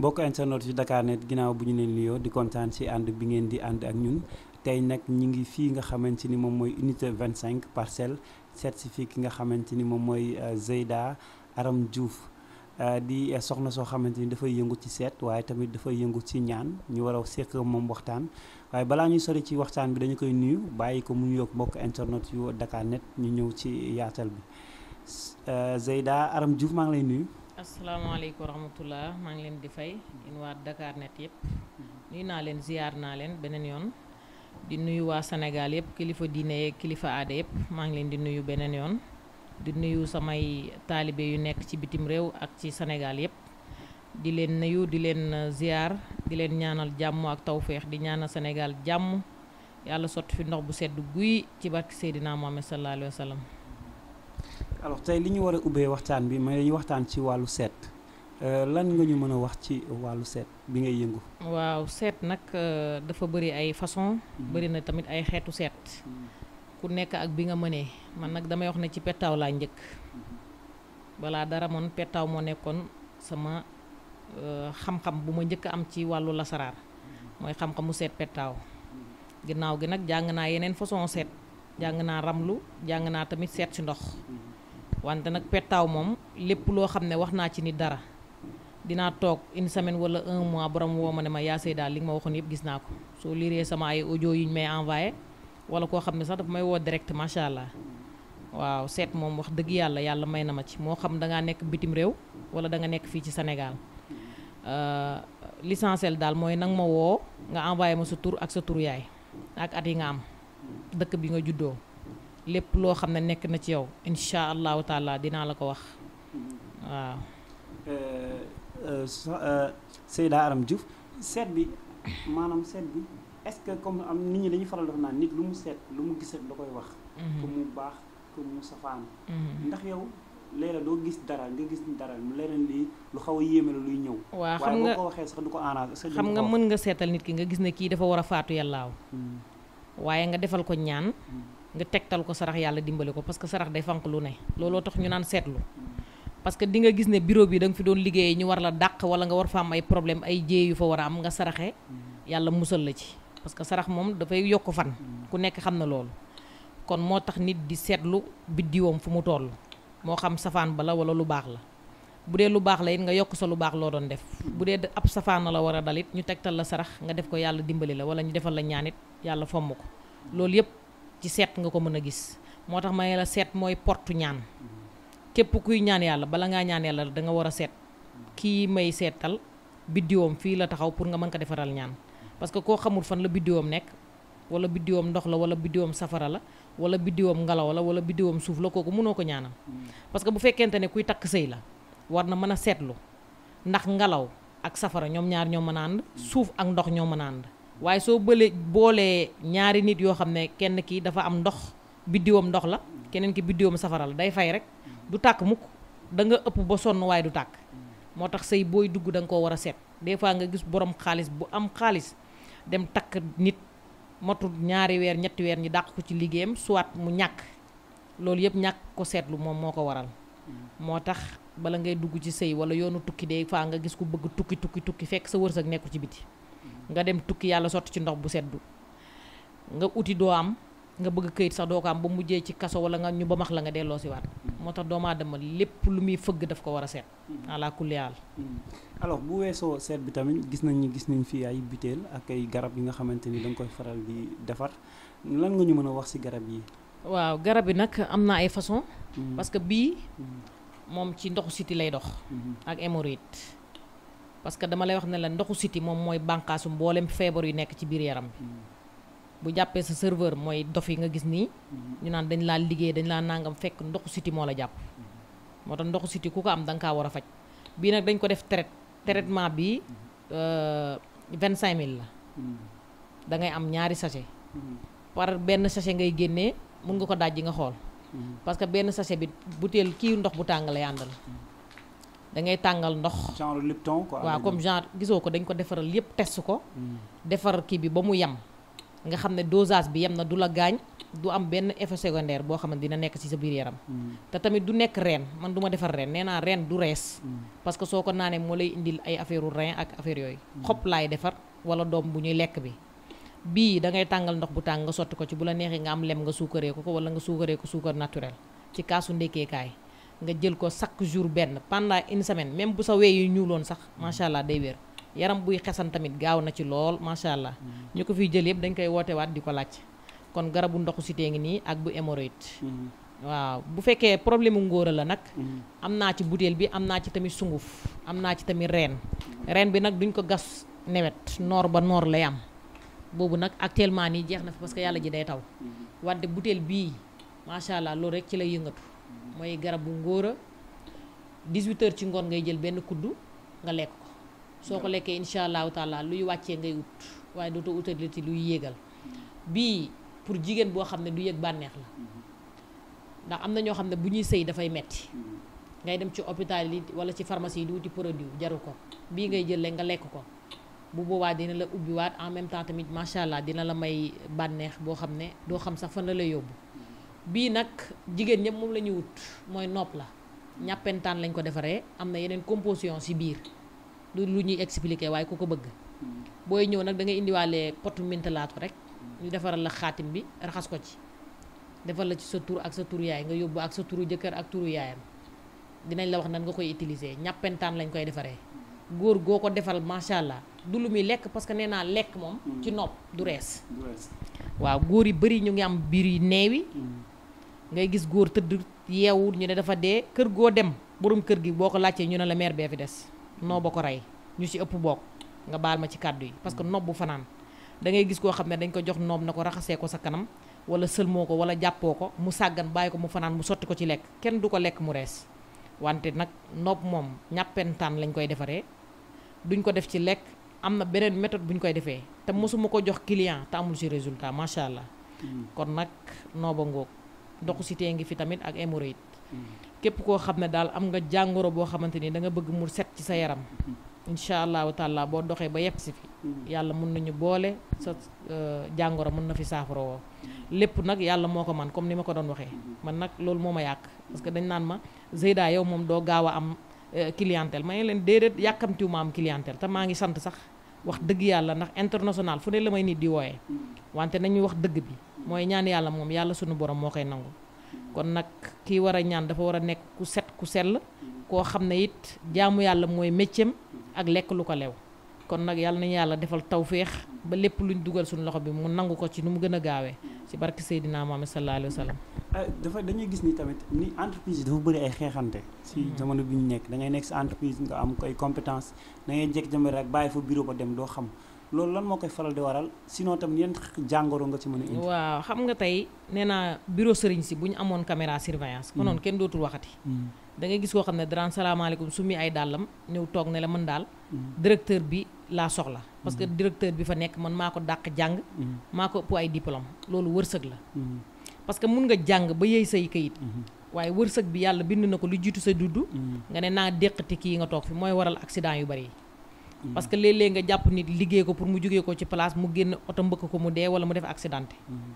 mbokk internet yu Dakar Net ginnaaw bu ñu leen nuyoo di kontaan ci ànd bi ngeen di ànd ak ñun tey nag ñi ngi fii nga xamante ni moom mooy unité cinq parcelle certifié ki nga xamante ni moom mooy euh, Zeyda Aram juuf euh, di euh, soxna soo xamante ni dafay yëngu ci seet waaye tamit dafay yëngu ci ñaan ñu war a seq moom waxtaan waaye balaa ñuy sori ci waxtaan bi dañu koy nuyu bàyyi ko mu nuyoog mbokk internet yu Dakar Net ñu ñëw ci yaatal bi Zeyda Aram maa ngi nuyu. asalaamaaleykum wa rahmatullah maa ngi leen di fay in Dakar net yëpp nuyu naa leen ziyaar naa leen beneen yoon di nuyu waa senegaal yëpp kilifa diine yeeg kilifa aada yëpp maa ngi leen di nuyu beneen yoon di nuyu samay taalibe yu nekk ci bitim réew ak ci senegaal yëpp di leen nuyu di leen uh, ziyaar di leen ñaanal jàmm ak tawféex di ñaanal Sénégal jàmm yàlla sotti fi ndox bu sedd guy ci barke Seydina Mohamed sallallahu alayhi alors tey li ñu war a ubbee waxtaan bi may dañuy waxtaan ci wàllu seet euh, lan nga ñu mën a wax ci wàllu seet bi ngay yëngu. waaw seet nag euh, dafa bëri ay façon hmm. bëri na tamit ay xeetu seet. Hmm. ku nekk ak bi nga mënee man nag damay wax ne ci pettaaw laa njëkk. Hmm. balaa dara moon pettaaw moo nekkoon sama euh, xam-xam bu ma njëkk am ci wàllu lasaraar mooy xam-xamu seet pettaaw. ginnaaw gi nag jàng naa yeneen façon seet jàng naa ramlu jàng naa tamit seet si ndox. wante nag pettaaw moom lépp loo xam ne wax naa ci ni dara dinaa toog une semaine wala un mois borom woo ma ne ma yaa sey daal li nga ma waxoon yëpp gis naa ko soo liiree sama ay audio yi ñu may envoyé wala koo xam ne sax dafa may woo direct macha allah waaw seet moom wax dëgg yàlla yàlla may na ma ci moo xam da nekk bitim réew wala da nga nekk fii ci Sénégal euh, l'essentiel daal mooy nang ma woo nga envoyé ma sa tur ak sa tur yaay ak at yi nga am dëkk bi nga juddoo. lépp loo xam ne nekk na ci yow incha allahu taala dinaa la ko wax waaw. Euh, euh, euh, Seyda Aram Diouf seet bi maanaam seet bi est-ce que comme am nit ñi dañuy faral def naan nit lu mu seet lu mu gis rek da koy wax. Mhm. ku mu baax ku mu safaan. Mhm. ndax yow léeg doo gis dara nga gis dara mu leneen lu xaw a yéeme la luy ñëw. waa xam nga waaye boo xam nga mën nga seetal nit ki nga gis ne kii dafa war a faatu yàllaaw. Hmm. waaye nga defal ko ñaan. Hmm. nga tegtal ko sarax yàlla dimbali ko parce que sarax day fanq lu ne looloo tax ñu naan seetlu parce que di nga gis ne bureau bi danga fi doon liggéeyee ñu war la dàq wala nga war fa am ay problème ay jéey yu fa war a am nga saraxe yàlla musal la ci parce que sarax moom dafay yokk fan ku nekk xam na loolu kon moo tax nit di seetlu biddiwoom fu mu toll moo xam safaan ba la wala lu baax la bu dee lu baax la it nga yokk sa lu baax loo doon def bu dee ab safaan la war a dalit ñu tegtal la sarax nga def ko yàlla dimbali la wala ñu defal la ñaanit yàlla fomm ko loolu yëpp ci seet nga ko mën a gis moo tax ma ne la seet mooy port ñaan képp kuy ñaan yàlla bala ngaa ñaan yàlla da nga war a seet kii may seetal biddiwoom fii la taxaw pour nga mën ko defaral ñaan parce que koo xamul fan la biddiwoom nekk wala biddiwoom ndox la wala biddiwoom safara la wala biddiwoom ngelaw la wala biddiwoom suuf la kooku mënoo ko ñaanam parce que bu fekkente ne kuy takk sëy la war na mën a seetlu ndax ngelaw ak safara ñoom ñaar mën a suuf ak ndox ñoo mën a ànd waaye soo bëlee boolee ñaari nit yoo xam ne kenn ki dafa am ndox biddiwam ndox la keneen ki biddiwam safara la day fay rek du tàkk mukk da nga ëpp ba sonn waaye du tàkk moo tax sëy booy dugg da nga koo war a set des fois nga gis borom xaalis bu am xaalis dem takk nit matul ñaari weer ñetti weer ñi dàq ko ci liggéeyam soit mu ñàkk loolu yëpp ñàkk ko seetlu moom moo ko waral moo tax bala ngay dugg ci sëy wala yoonu tukki des fois nga gis ku bëgg tukki tukki tukki fekk sa wërsëg nekku ci biti nga dem tukki yàlla sotti ci ndox bu seddu nga wuti doo am nga bëgg këyit sax doo ko am ba mujjee ci kaso wala nga ñu ba max la nga delloo si waat mm-hmm. moo tax doomu aadama lépp lu muy fëgg daf ko war a seet mm-hmm. ala kulli haal mm-hmm. alors bu weesoo seet bi tamit gis nañ gis nañ fi ay butéel ak ay garab yi nga xamante ni da koy faral di defar lan nga ñu mën a wax si garab yi waaw garab yi nag am naa ay façon parce que bii moom ci ndoxu siti lay dox ak hémorroïde parce que dama lay wax ne la ndoxu siti moom mooy bànqaasu mboolem feebar yu nekk ci biir yaram bi bu jàppee sa serveur mooy dof yi nga gis nii ñu naan dañ laa liggéey dañ laa nangam fekk ndoxu siti moo la jàpp moo tax ndoxu siti ku ko am da nga kaa war a faj bii nag dañ ko def traite traitement bi euh, vingt cinq mille la da ngay am ñaari sachet par benn sachet ngay génnee mun nga ko yi nga xool parce que benn sachet bi butéel kii ndox bu tàng la lay la da ngay tàngal ndox. genre Lipton quoi. waaw comme genre gisoo ko dañ ko defaral yépp test ko. Hmm. defar kii bi ba mu yem. nga xam ne dosage bi yem na du la gaañ du am benn effet secondaire boo xam ne dina nekk ci sa biir yaram. Hmm. te tamit du nekk reen man du ma defar reen nee naa reen du rees. Hmm. parce que soo ko naanee moo lay indil ay affaire rein ak affaire yooyu. xopp laay defar walla doom bu ñuy lekk bi. bii da ngay tàngal ndox bu tàng nga sotti ko ci bu la neexee nga am lem nga suukaree ko ko walla nga suukaree ko suukar naturel ci kaasu ndékkeekaay. nga jël ko chaque jour benn pendant une semaine même bu sa wee yu ñuuloon sax macha allah day wér yaram buy xesan tamit gaaw na ci lool macha allah mm-hmm. ñu ko fiy jël yëpp dañ koy woote waat di ko laaj kon garabu ndoxu si tee ngi nii ak bu hémorroïde mm-hmm. waaw bu fekkee problème mu ngóora la nag mm-hmm. am naa ci butéel bi am naa ci tamit sunguf am naa ci tamit reen reen bi nag duñ ko gas newet noor ba noor lay am boobu nag actuellement nii jeex na fi parce que yàlla ji day taw rek ci lay yëngatu mooy garabu ngóora 18h ci ngoon ngay jël benn kuddu nga lekk ko soo ko lekkee incha allahu taala luy wàccee ngay ut waaye dootoo utati luy yéegal bii pour jigéen boo xam ne du yëg bànneex la ndax am na ñoo xam ne bu ñuy sëy dafay metti ngay dem ci hôpital yi wala ci pharmacie yi di wuti produit jaru ko bii ngay jël nga lekk ko bu boobaa dina la ubbiwaat en même temps tamit macha allah dina la may bànneex boo xam ne doo xam sax fan la lay bii nag jigéen ñëpp moom la ñuy wut mooy nopp la ñàppentaan lañ ko defaree am na yeneen composition si biir lu lu ñuy expliquer waaye ku ko bëgg booy ñëw nag da ngay indiwaale potu mintalaat ko rek ñu defaral la xaatim bi raxas ko ci defal la ci sa tur ak sa turu yaay nga yóbbu ak sa turu jëkkër ak turu yaayam dinañ la wax nan nga koy utiliser ñàppentaan lañ koy defaree góor goo ko defal macha allah du lu muy lekk parce que nee naa lekk moom. Mm. ci nopp du rees. ngay gis góor tëdd yeewul ñu ne dafa dee kër goo dem borom kër gi boo ko laajtee ñu ne la mère bee fi des nooba ko rey ñu ci ëpp bokk nga baal ma ci kàddu yi parce que nob bu fanaan dangay gis koo xam ne dañ ko jox noob na ko raxasee ko sa kanam wala sëlmoo ko wala jàppoo ko mu sàggan bàyyi ko mu fanaan mu sotti ko ci lekk kenn du ko lekk mu rees wante nag nopp moom ñàppentaan lañ koy defaree duñ ko def ci lekk am na beneen méthode bu ñu koy defee te mosuma ko jox client te amul résultat macha allah. Hmm. kon nag nooba ngoog ndoxu cité ngi fi tamit ak hémorroïde mm-hmm. képp koo xam ne daal am nga jàngoro boo xamante ni da nga bëgg mu set ci sa yaram mm-hmm. incha allah taala boo doxee ba yegg si fi mm-hmm. yàlla mun nañu boole sa euh, jàngoro mun na fi saafara woo lépp nag yàlla moo ko man comme ni ma ko doon waxee man nag loolu moo ma yàq parce que dañ naan ma Zeyda yow moom doo gaaw a am euh, clientèle ma ne leen déedéet yàkkamtiwu ma am clientèle tam maa ngi sant sax wax dëgg yàlla ndax international fu ne la may nit di wooyee wante nañuy wax dëgg bi mooy ñaan yàlla moom yàlla sunu borom moo koy nangu kon nag kii war a ñaan dafa war a nekk ku set ku sell koo xam ne it jaamu yàlla mooy mécceem ak lekk lu ko lew kon nag yàlla nañu yàlla defal tawféex ba lépp lu ñu dugal suñu loxo bi mu nangu ko ci nu mu gën a gaawee ci barke Seydina Muhammad sallallahu alayhi wa sallam euh, dafa dañuy gis ni tamit ni entreprise dafa bëri ay xeexante si mm-hmm. jamono bi ñu nekk da nekk si entreprise nga am ay compétence da ngay loolu lan moo koy faral di waral sinon tam yeen jàngoro nga ci mën a indi. waaw xam nga tey nee naa bureau sëriñ si bu ñu amoon caméra surveillance. konoon mm. kenn dootul waxati. Mm. dangay ngay gis koo xam ne daraan salaamaaleykum su mi ay dàllam ñëw toog ne la mën daal. Mm. directeur bi laa soxla. parce que directeur bi fa nekk man maa ko dàq jàng. maa ko ëpp ay diplôme loolu wërsëg la. parce que mun nga jàng ba yëy say kayit. Mm-hmm. waaye wërsëg bi yàlla bind na ko lu jiitu sa dudd. nga ne naa déqati kii nga toog mooy waral accident yu bari Mm-hmm. parce que léeg nga jàpp nit liggéey ko pour mu jugee ko ci place mu génn oto mbëkk ko mu dee wala mu def accidenté mm-hmm.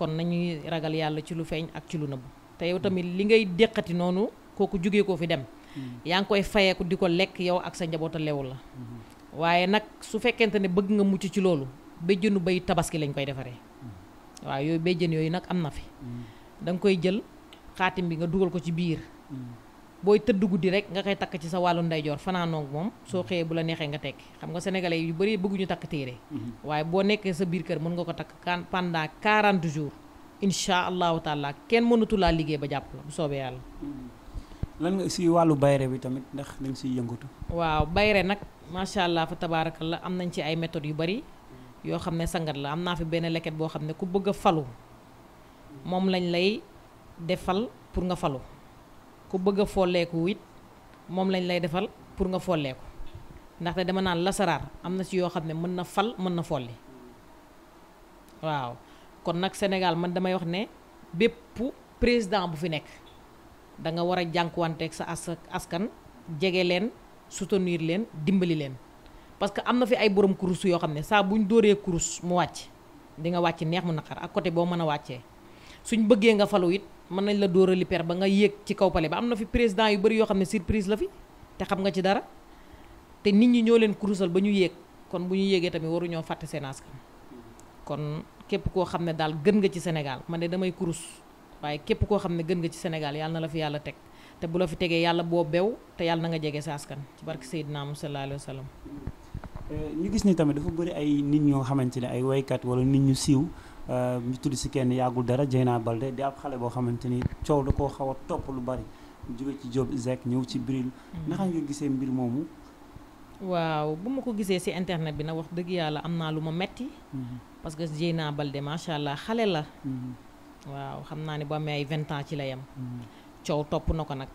kon nañuy ragal yàlla ci lu feeñ ak ci lu nëbb te yow tamit li ngay déqati noonu kooku jugee ko fi dem mm-hmm. yaa ngi koy fayeeku di ko lekk yow ak sa njaboota leewul la waaye nag su fekkente ne bëgg nga mucc ci loolu béjjënu bay tabaski lañ koy defaree waaw yooyu béjjën yooyu nag am na fi da nga koy jël xaatim bi nga dugal ko ci biir booy tëdd guddi rek nga koy takk ci sa wàllu ndeyjoor fanaanoog moom soo xëyee bu la neexee nga tekki xam nga sénégalais yu bëri bëgguñu takk téere mhm. waaye boo nekkee sa biir kër mën nga ko takk kan pendant 40 jours incha allahu taala kenn mënatulaa liggéey ba jàpp la bu soobee yàlla. Mhm. lan nga si wàllu bayre bi tamit ndax dañ siy yëngatu. waaw bayre nag macha allah fa la am nañ ci ay méthodes yu bëri yoo xam ne sangat la am naa fi benn leket boo xam ne ku bëgg a moom lañ lay defal pour nga falu. ku bëgg a folleeku it moom lañ lay defal pour nga folleeku ndaxte dama naan lasaraar am na ci yoo xam ne mën na fal mën na folli waaw kon nag Sénégal man damay wax ne bépp président bu fi nekk da nga war a jànq jànkuwanteeg sa as askan jege leen soutenir leen dimbali leen parce que am na fi ay boroom kurus yoo xam ne saa buñ dóoree kurus mu wàcc di nga wàcc neex mu naqar ak côté boo mën a wàccee suñ bëggee nga falu it mën nañ la dóorali per ba nga yéeg ci kaw pale ba am na fi président yu bëri yoo xam ne surprise la fi te xam nga ci dara te nit ñi ñoo leen kurusal ba ñu yéeg kon bu ñu yéegee tamit waruñoo fàtte seen kon képp koo xam ne daal gën nga ci Sénégal man de damay kurus waaye képp koo xam ne gën nga ci Sénégal yàlla na la fi yàlla teg te bu la fi tegee yàlla boo bew te yàlla na nga jege sa askan ci barke Seydina naa mu alayhi wa sallam euh, ñu gis ni tamit dafa bëri ay nit ñoo xamante ne ay woykat wala nit ñu siiw Euh, ñu tudd si kenn yàggul dara Dieyna Baldé di ab xale boo xamante ni coow da koo xaw topp lu bari jóge ci Job Isaac ñëw ci Bril mm. naka nga gisee mbir moomu waaw bu ma ko gisee si internet bi nag wax dëgg yàlla am naa lu ma metti mm-hmm. parce que Dieyna balde macha allah xale la mm-hmm. waaw xam naa ni bu amee ay vingt ans ci la yam mm-hmm. coow topp na ko nag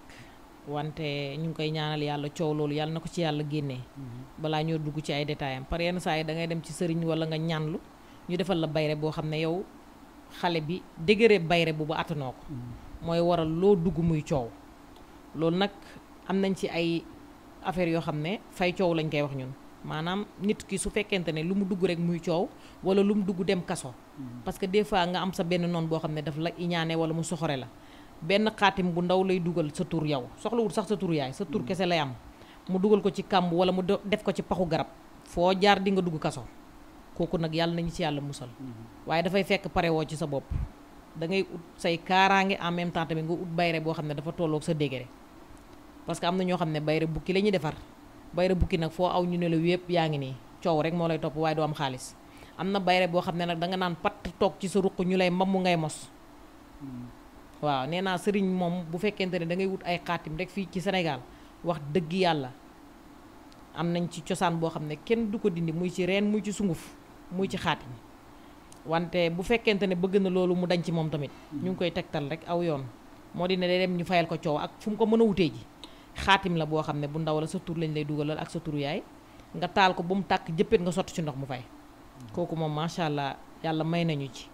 wante ñu ngi koy ñaanal yàlla coow loolu yàlla na ko ci yàlla génnee balaa ñoo dugg ci ay détails am par yenn saa yi da ngay dem ci sëriñ wala nga ñaanlu ñu defal la bayre boo xam ne yow xale bi dëgëre bayre bu ba attanoo ko mm. mooy waral loo dugg muy coow loolu nag am nañ ci ay affaire yoo xam ne fay coow lañ koy wax ñun maanaam nit ki su fekkente ne lu mu dugg rek muy coow wala lu mu dugg dem kaso mm. parce que des fois nga am sa benn noon boo xam ne daf la iñaane wala mu soxore la benn xaatim bu ndaw lay dugal sa tur yow soxlawul sax sa tur yaay sa tur mm. kese lay am mu dugal ko ci kàmb wala mu def ko ci paxu garab foo jaar di nga dugg kaso kooku nag yàlla nañu ci yàlla musal mhm. waaye dafay fekk parewoo ci sa bopp da ngay ut say kaaraange en même temps tamit nga ut bayre boo xam ne dafa tolloog sa degré parce que am na ñoo xam ne bayre bukki la ñuy defar bayre bukki nag foo aw ñu ne la yépp yaa ngi nii coow rek moo lay topp waaye du am xaalis am na bayre boo xam ne nag da nga naan patt toog ci sa ruq ñu lay mu ngay mos mhm. waaw nee naa sëriñ moom bu fekkente ne da ngay wut ay xaatim rek fii ci Sénégal wax dëgg yàlla am nañ ci cosaan boo xam ne kenn du ko dindi muy ci reen muy sunguf muy ci xaatim wante bu fekkente ne bëgg na loolu mu dañ ci moom tamit ñu ngi koy tegtal rek aw yoon moo di ne day dem ñu fayal ko coow ak fu mu ko mën a wutee ji xaatim la boo xam ne bu ndaw la sa tur lañ lay dugalal ak sa turu yaay nga taal ko ba mu tàkk jëppit nga sotti ci ndox mu fay kooku moom macha allah yàlla may nañu ci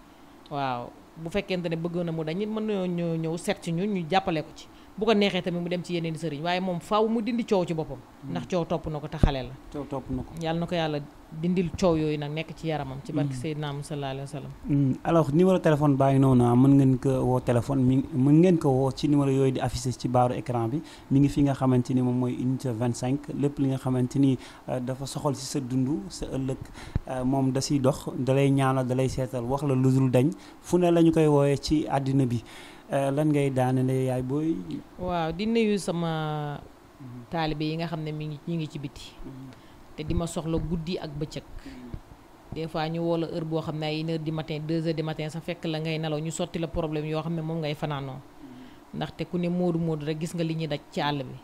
waaw bu fekkente ne bëgg na mu dañ mën nañoo ñëw seet ci ñun ñu jàppale ko ci bu ko neexee tamit mu dem ci yeneen sëriñ waaye moom faw mu dindi coow ci boppam mm. ndax coow topp na ko te xale la coow topp na ko yàlla na ko yàlla dindil coow yooyu nag nekk ci yaramam ci barke mm. Seydina Muhammad sallallahu alayhi wa sallam mm. alors numéro téléphone baa ngi noonu ah, mën ngeen ko woo téléphone mi mën ngeen ko woo ci numéro yooyu di affiché ci baaru écran bi mi ngi fi nga xamante ni moom mooy unité cinq lépp li nga xamante ni euh, dafa soxal si sa dund sa ëllëg euh, moom da siy dox dalay ñaanal dalay seetal wax la lu dul dañ fu ne la koy woowee ci àddina bi Euh, lan ngay daanale yaay booy. waaw di nuyu sama mhm. taalibe yi nga xam ne mi ngi ñu ngi ci biti. Mhm. te di ma soxla guddi ak bëccëg. Mhm. des fois ñu woo la heure boo xam ne ay une heure du matin deux heures du matin sa fekk la ngay nelaw ñu sotti la problème yoo xam ne moom ngay fanaanoo ndaxte ku ne moodu moodu rek gis nga li ñu daj ci àll bi.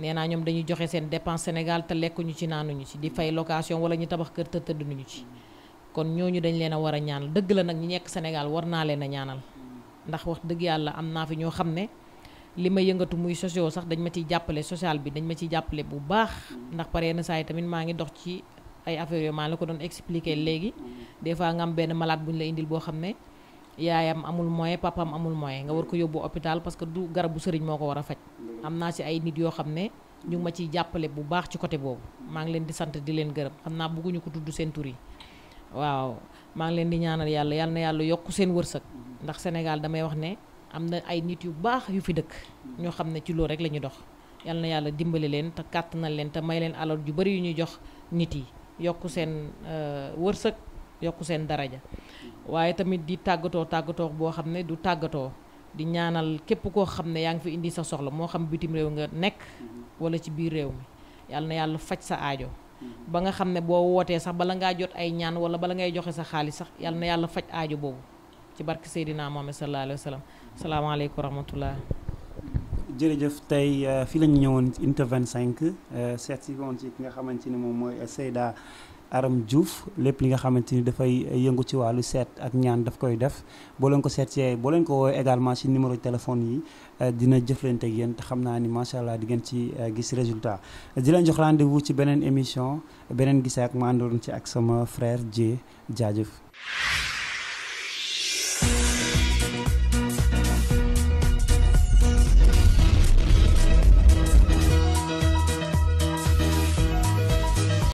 nee naa ñoom dañu joxe seen dépense Sénégal te lekkuñu ci naanuñu ci di fay location wala ñu tabax kër te tëdduñu ci. kon ñooñu dañ leen a war a ñaanal dëgg la nag ñi nekk Sénégal war naa leen a ñaanal. ndax wax dëgg yàlla am naa fi ñoo xam ne li ma yëngatu muy socio sax dañ ma ciy jàppale social bi dañ ma ciy jàppale bu baax ndax pare yenn saa yi tamit maa ngi dox ci ay affaires yoo maa la ko doon expliquer léegi des fois nga benn malade bu ñu indil boo xam ne yaayam amul moyen papaam amul moyen nga war ko yóbbu hôpital parce que du garabu sëriñ moo ko war a faj am naa si ay nit yoo xam ne ñu ngi ma ciy jàppale bu baax ci côté boobu maa ngi leen di sant di leen gërëm xam naa bëgguñu ko tudd seen tur waaw maa ngi leen di ñaanal yàlla yàlla na yàlla yokk seen wërsëg ndax Sénégal damay wax ne am na ay nit yu baax yu fi dëkk ñoo xam ne ci loolu rek la ñuy dox yal na yàlla dimbali leen te kàttanal leen te may leen alal ju bari yu ñuy jox nit yi yokk seen euh, wërsëg yokk seen daraja waaye tamit di tàggatoo tàggatoo boo xam ne du tàggatoo di ñaanal képp koo xam ne yaa ngi fi indi sa soxla moo xam bitim réew nga nekk wala ci biir réew mi yàlla na yàlla faj sa aajo ba nga xam ne boo wootee sax bala ngaa jot ay ñaan wala bala ngay joxe sa xaalis yàlla na yàlla faj aajo boobu ci barke Seydina Mohamed sallallahu alayhi wa sallam salaamaaleykum wa rahmatullah jërëjëf tey euh, fi la ñu ñëwoon unité euh, 25 seet si woon ci ki nga xamante ni moom mooy Seyda Aram Diouf lépp li nga xamante ni dafay yëngu ci wàllu seet ak ñaan daf koy def boo leen ko seet see boo leen ko woowee également ci numéro téléphone yi euh, dina jëflante ak te xam naa ni macha allah di ngeen ci gis résultat di leen jox rendez ci beneen émission beneen gisee ak ma ci ak sama frère Dieng jaajëf.